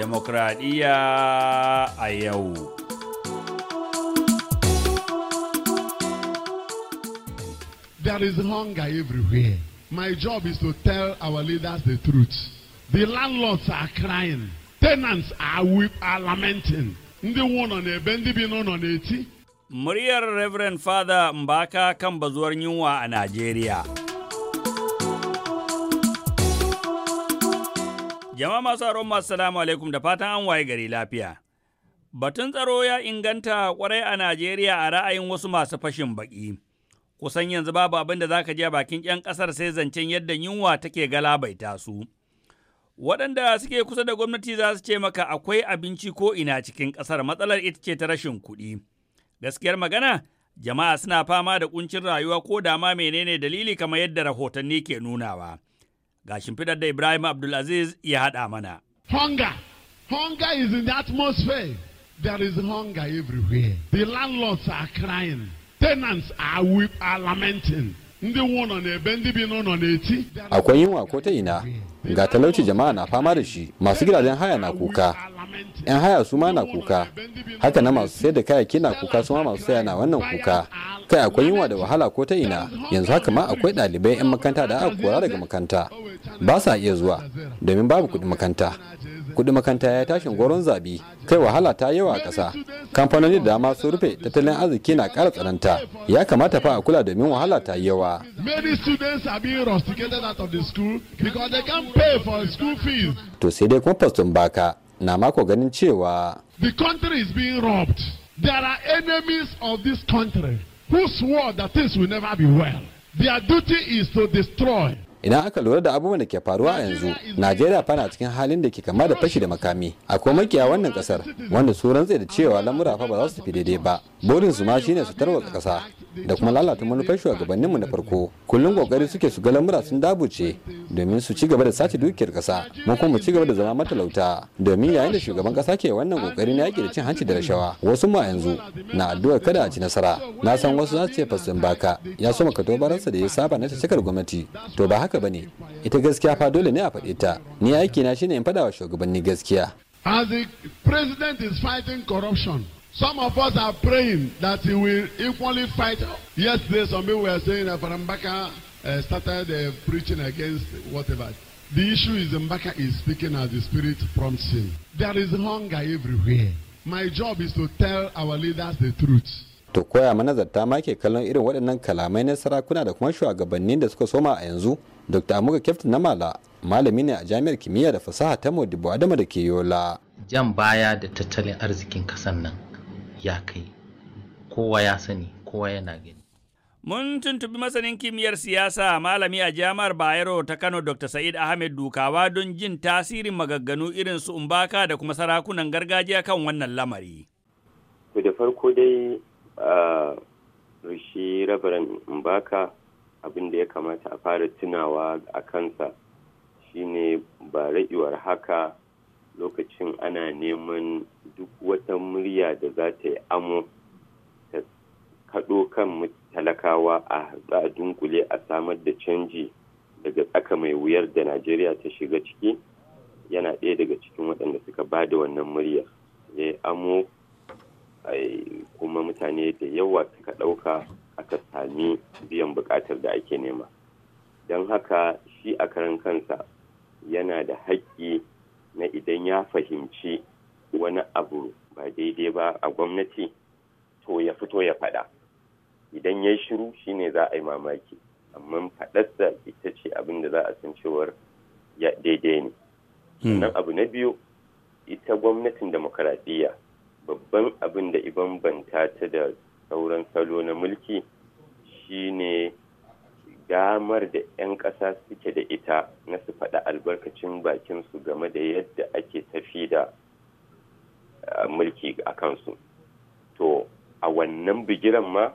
demokradiyya a yau. There is hunger everywhere. My job is to tell our leaders the truth. The landlords are crying. Tenants are, weep, are lamenting. Ndị nwụ nọ n'ebe ndị bi n'ụlọ na Muryar Reverend Father Mbaka kan bazuwar yunwa a Najeriya. Jama'a masu aron masu salamu alaikum da fatan an waye gari lafiya. Batun tsaro ya inganta kwarai a Najeriya a ra'ayin wasu masu fashin baki. Kusan yanzu babu abin da za ka je bakin 'yan ƙasar sai zancen yadda yunwa take galabaita su. Waɗanda suke kusa da gwamnati za su ce maka akwai abinci ko ina cikin ƙasar matsalar ita ce ta rashin kuɗi. Gaskiyar magana, jama'a suna fama da ƙuncin rayuwa ko dama menene dalili kamar yadda rahotanni ke nunawa. Ga shimfiɗar da Ibrahim Abdulaziz ya haɗa mana. Hunger. Hunger is in the atmosphere. There is hunger everywhere. The landlords are crying. Tenants are, weep, are lamenting. Ndị nwụnọ na-ebe ndị bi n'ụlọ na Akwai yunwa ko ta ina, ga talauci jama'a na fama da shi, masu gidajen haya na kuka, 'yan haya su ma na kuka haka na masu sai da kayayyaki na kuka su ma masu saya na wannan kuka kai akwai yunwa da wahala ko ta ina yanzu haka ma akwai ɗalibai 'yan makanta da aka kora daga makanta. ba sa iya zuwa domin babu kuɗin makanta. kuɗin makanta ya tashin goron zabi kai wahala ta yawa a ƙasa kamfanoni da dama sun rufe tattalin arziki na ƙara tsananta ya kamata fa a kula domin wahala ta yawa to sai dai kuma faston baka na mako ganin cewa the country is being robbed there are enemies of this country who swore that things will never be well their duty is to destroy idan aka lura da abubuwan da ke faruwa a yanzu najeriya fana cikin halin da ke kama da fashi da makami akwai makiya wannan kasar wanda su rantse da cewa lamura fa ba za su tafi daidai ba burin su ma shine su tarwa kasa da kuma lalata manufar shugabanninmu na farko kullum kokari suke su ga lamura sun dabuce domin su ci gaba da sace dukiyar kasa mun kuma ci gaba da zama matalauta domin yayin da shugaban kasa ke wannan kokari na yaki da cin hanci da rashawa wasu ma yanzu na addu'ar kada a ci nasara na san wasu za su ce fasin baka ya so maka baransa da ya saba na cikar gwamnati to ba haka bane ita gaskiya fa dole ne a faɗe ta ni aiki na shine in fada wa shugabanni gaskiya As the president is fighting corruption, Some of us are praying that he will equally fight. Yesterday, some people were saying that Father Mbaka uh, started uh, preaching against whatever. The issue is Mbaka is speaking as the Spirit prompts him. There is hunger everywhere. My job is to tell our leaders the truth. To koya manazarta ma ke kallon irin waɗannan kalamai na sarakuna da kuma shugabannin da suka soma a yanzu, Dr. Amuka Kyaftin mala malami ne a jami'ar kimiyya da fasaha ta Modibo Adama da ke Yola. Jan baya da tattalin arzikin kasan nan. ya kai kowa ya sani kowa yana gani Mun tuntubi masanin kimiyyar siyasa malami a jami'ar Bayero ta Kano Dr. Sa'id Ahmed Dukawa don jin tasirin magagganu irin su Umbaka da kuma sarakunan gargajiya kan wannan lamari. da farko dai ah, shi rabaran Umbaka abin da ya kamata a fara tunawa a kansa shine ba ra'iwar haka lokacin ana neman duk wata murya da za ta yi amo ta kaɗo kan talakawa a za a dunkule a samar da canji daga tsaka mai wuyar da najeriya ta shiga ciki yana ɗaya daga cikin waɗanda suka ba da wannan muryar ya yi amo kuma mutane da yawa suka ɗauka aka sami biyan buƙatar da ake nema don haka shi a karan kansa yana da haƙƙi na idan ya fahimci wani abu ba daidai ba a gwamnati to ya fito ya faɗa idan ya shiru shine za a yi mamaki amma fadarsa ita ce abin da za a san cewar ya daidai ne nan abu na biyu ita gwamnatin demokaradiyya babban abin da iban banta ta da sauran salo na mulki shine damar da 'yan ƙasa suke da ita na su faɗa albarkacin bakin su game da yadda ake tafi da eh, mulki a kansu to a wannan bigiran ma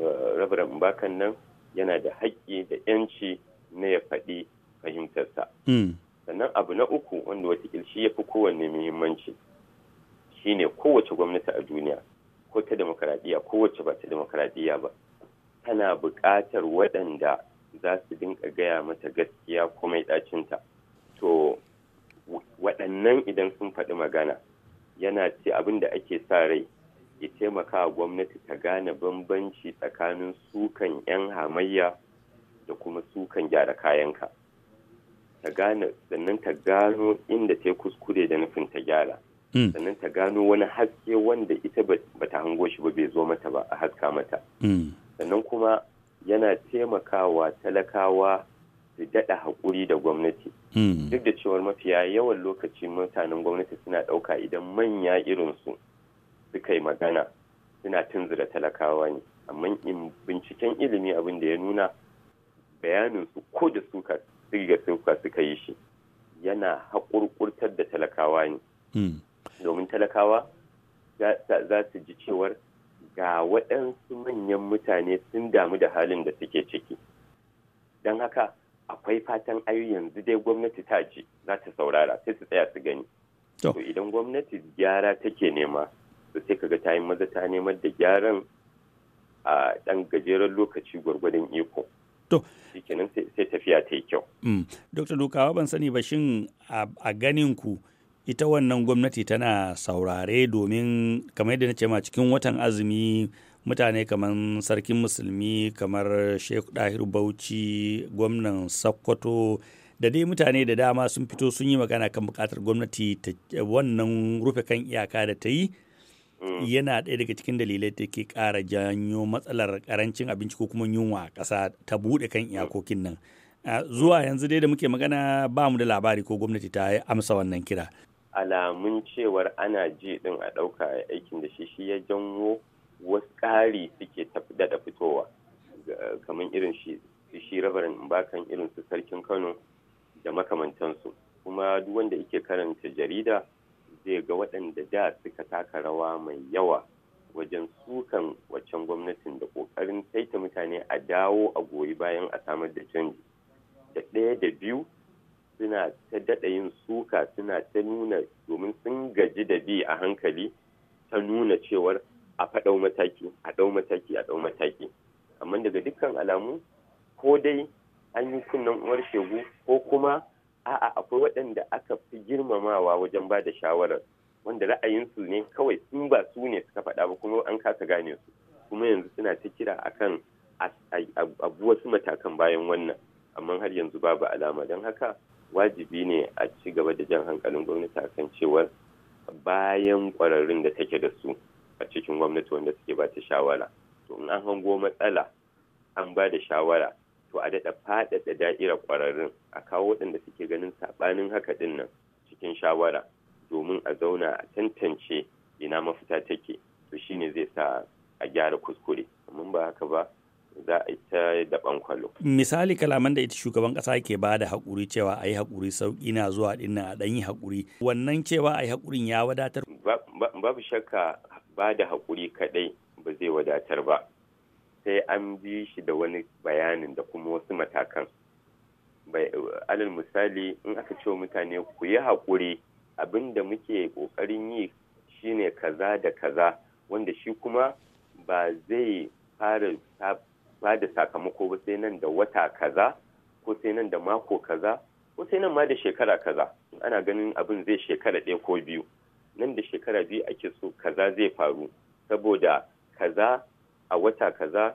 eh, rabaran bakan nan yana da haƙƙi da 'yanci na ya faɗi fahimtarsa hmm. sannan abu na uku wanda wata shi ya fi kowanne muhimmanci shine kowace gwamnati a duniya ko ta demokaradiyya kowace ba ta demokaradiyya ba tana buƙatar waɗanda za su dinka gaya mata gaskiya ko mai ɗacinta to waɗannan idan sun faɗi magana yana ce abin da ake sa rai ya taimaka gwamnati ta gane bambanci tsakanin sukan 'yan hamayya da kuma sukan gyara kayanka ta gane sannan ta gano inda ta kuskure da nufin ta gyara hmm. sannan ta gano wani haske wanda ita ba ta hango shi ba bai zo mata ba a haska mata hmm. sannan kuma yana taimakawa talakawa su daɗa haƙuri da gwamnati hmm. duk da cewar mafiya yawan lokaci mutanen gwamnati suna ɗauka idan manya irinsu suka yi magana suna tunzura talakawa ne amma in binciken ilimi abin da ya nuna bayaninsu ko da suka sirga suka suka yi shi yana haƙurƙurtar da talakawa ne hmm. domin talakawa za su ji cewar ga waɗansu manyan mutane sun damu da halin da suke ciki don haka akwai fatan ayu yanzu dai gwamnati ta ce za ta saurara sai su tsaya su gani to idan gwamnati gyara take nema to sai kaga ta yi maza ta neman da gyaran a ɗan gajeren lokaci gwargwadon iko to shikenan sai tafiya ta yi kyau mm. dr dukawa ban sani ba shin a ganin ku ita wannan gwamnati tana saurare domin kamar yadda na ce ma cikin watan azumi mutane kamar sarkin musulmi kamar sheikh dahir bauchi gwamnan sokoto da dai mutane da dama sun fito sun yi magana kan bukatar gwamnati ta wannan rufe kan iyaka da ta yi mm. yana ɗaya daga cikin dalilai da ke kara janyo matsalar karancin abinci ko kuma yunwa a ƙasa ta buɗe kan mm. iyakokin nan zuwa yanzu dai da muke magana ba mu da labari ko gwamnati ta amsa wannan kira alamun cewar ana ji din a ɗauka a aikin da shi shi ya janwo wasu ƙari suke daɗa fitowa kamar irin shi shi rabarin bakan irin su sarkin kano da makamantansu kuma duk wanda yake karanta jarida zai ga waɗanda da suka taka rawa mai yawa wajen sukan waccan gwamnatin da ƙoƙarin saita mutane a dawo a goyi bayan a samar da canji da ɗaya da biyu suna ta daɗa yin suka suna ta nuna domin sun gaji da bi a hankali ta nuna cewar a faɗau mataki a ɗau mataki a ɗau mataki amma daga dukkan alamu ko dai an yi kunnen uwar shegu ko kuma a'a akwai waɗanda aka fi girmamawa wajen ba da shawarar wanda ra'ayinsu ne kawai sun ba su ne suka faɗa ba kuma an kasa gane su kuma yanzu suna ta kira kan abu wasu matakan bayan wannan amma har yanzu babu alama don haka wajibi ne a ci gaba da jan hankalin gwamnati kan cewar bayan kwararrun da take da su a cikin gwamnati wanda suke ba ta shawara to in an hango matsala an ba da shawara to a daɗa faɗaɗa da'irar kwararrun a kawo waɗanda suke ganin saɓanin haka ɗin nan cikin shawara domin a zauna a tantance ina mafita take to shine zai sa a gyara kuskure amma ba haka ba za a ta da bankwalo Misali kalaman da ita shugaban kasa ke ba da haƙuri cewa a yi haƙuri sauƙi na zuwa ɗin a ɗan yi haƙuri. Wannan cewa a yi haƙurin ya wadatar? Babu shakka ba da haƙuri kaɗai ba zai wadatar ba. Sai an bi shi da wani bayanin da kuma wasu matakan. Alal misali in aka ce mutane ku yi haƙuri abin da muke ƙoƙarin yi shine kaza da kaza wanda shi kuma ba zai fara ba da sakamako ba sai nan da wata kaza ko sai nan da mako kaza ko sai nan ma da shekara kaza ana ganin abin zai shekara ɗaya ko biyu nan da shekara biyu ake so kaza zai faru saboda kaza a wata kaza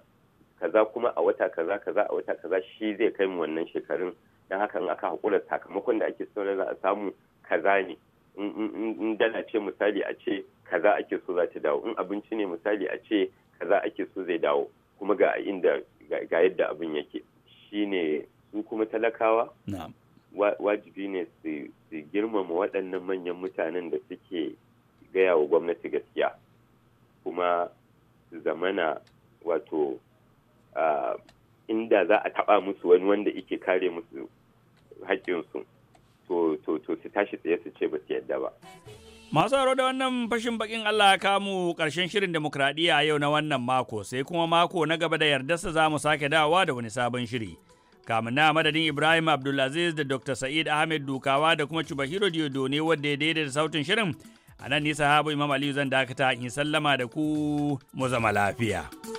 kaza kuma a wata kaza kaza a wata kaza shi zai kai mu wannan shekarun don haka in aka haƙura sakamakon da ake so za a samu kaza ne in dala ce misali a ce kaza ake so za ta dawo in abinci ne misali a ce kaza ake so zai dawo kuma ga inda ga yadda abin yake shine su kuma talakawa wajibi ne su girmama waɗannan manyan mutanen da suke gaya wa gwamnati gaskiya kuma su zamana wato inda za a taɓa musu wani wanda ike kare musu haƙƙinsu to su tashi tsaye su ce ba su yadda ba. Masu haro da wannan fashin bakin Allah ya kamu karshen shirin demokradiyya yau na wannan mako sai kuma mako na gaba da yardarsa za mu sake dawowa da wani sabon shiri. Kamun na madadin Ibrahim Abdulaziz da Dr. Sa'id Ahmed Dukawa da kuma Chubahiro Diodo ne wadda ya daidaita sautin shirin. A nan nisa habu Imam Aliyu zan dakata in sallama da ku mu zama lafiya.